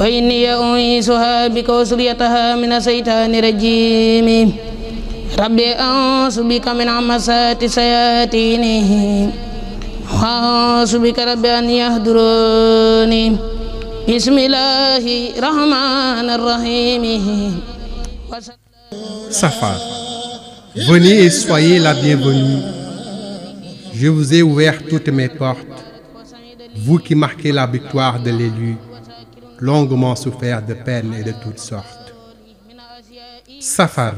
وإني venez et soyez la bienvenue. Je vous ai ouvert toutes mes portes, vous qui marquez la victoire de l'élu longuement souffert de peine et de toutes sortes. Safar,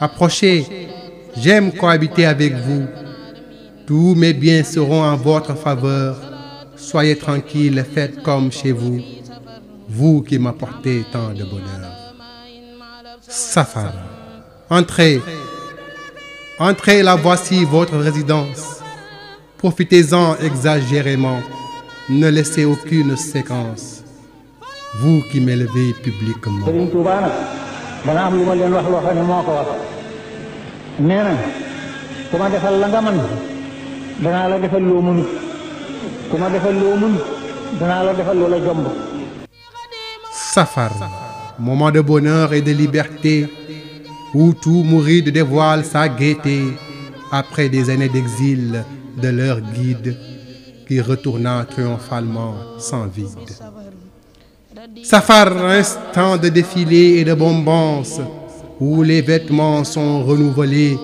approchez, j'aime cohabiter avec vous. Tous mes biens seront en votre faveur. Soyez tranquille, faites comme chez vous, vous qui m'apportez tant de bonheur. Safar, entrez, entrez, la voici votre résidence. Profitez-en exagérément, ne laissez aucune séquence vous qui m'élevez publiquement. Safar, moment de bonheur et de liberté où tout de dévoile sa gaieté après des années d'exil de leur guide qui retourna triomphalement sans vide. Safar instant de défilé et de bonbons, où les vêtements sont renouvelés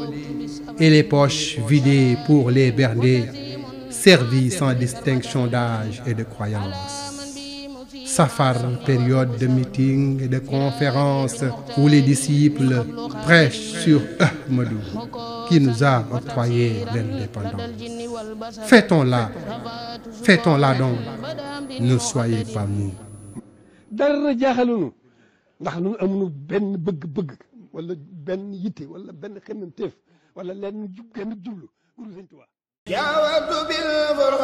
et les poches vidées pour les berner, servis sans distinction d'âge et de croyance. Safar, période de meeting et de conférence où les disciples prêchent sur Ahmadou, qui nous a octroyé l'indépendance. faitons la faitons la donc, ne soyez pas nous. دار جاخلونو ناخ نامنو بن بق بق ولا بن يتي ولا بن خن تف ولا لن جوب كان جولو غرو سنتوا يا ود بالفرح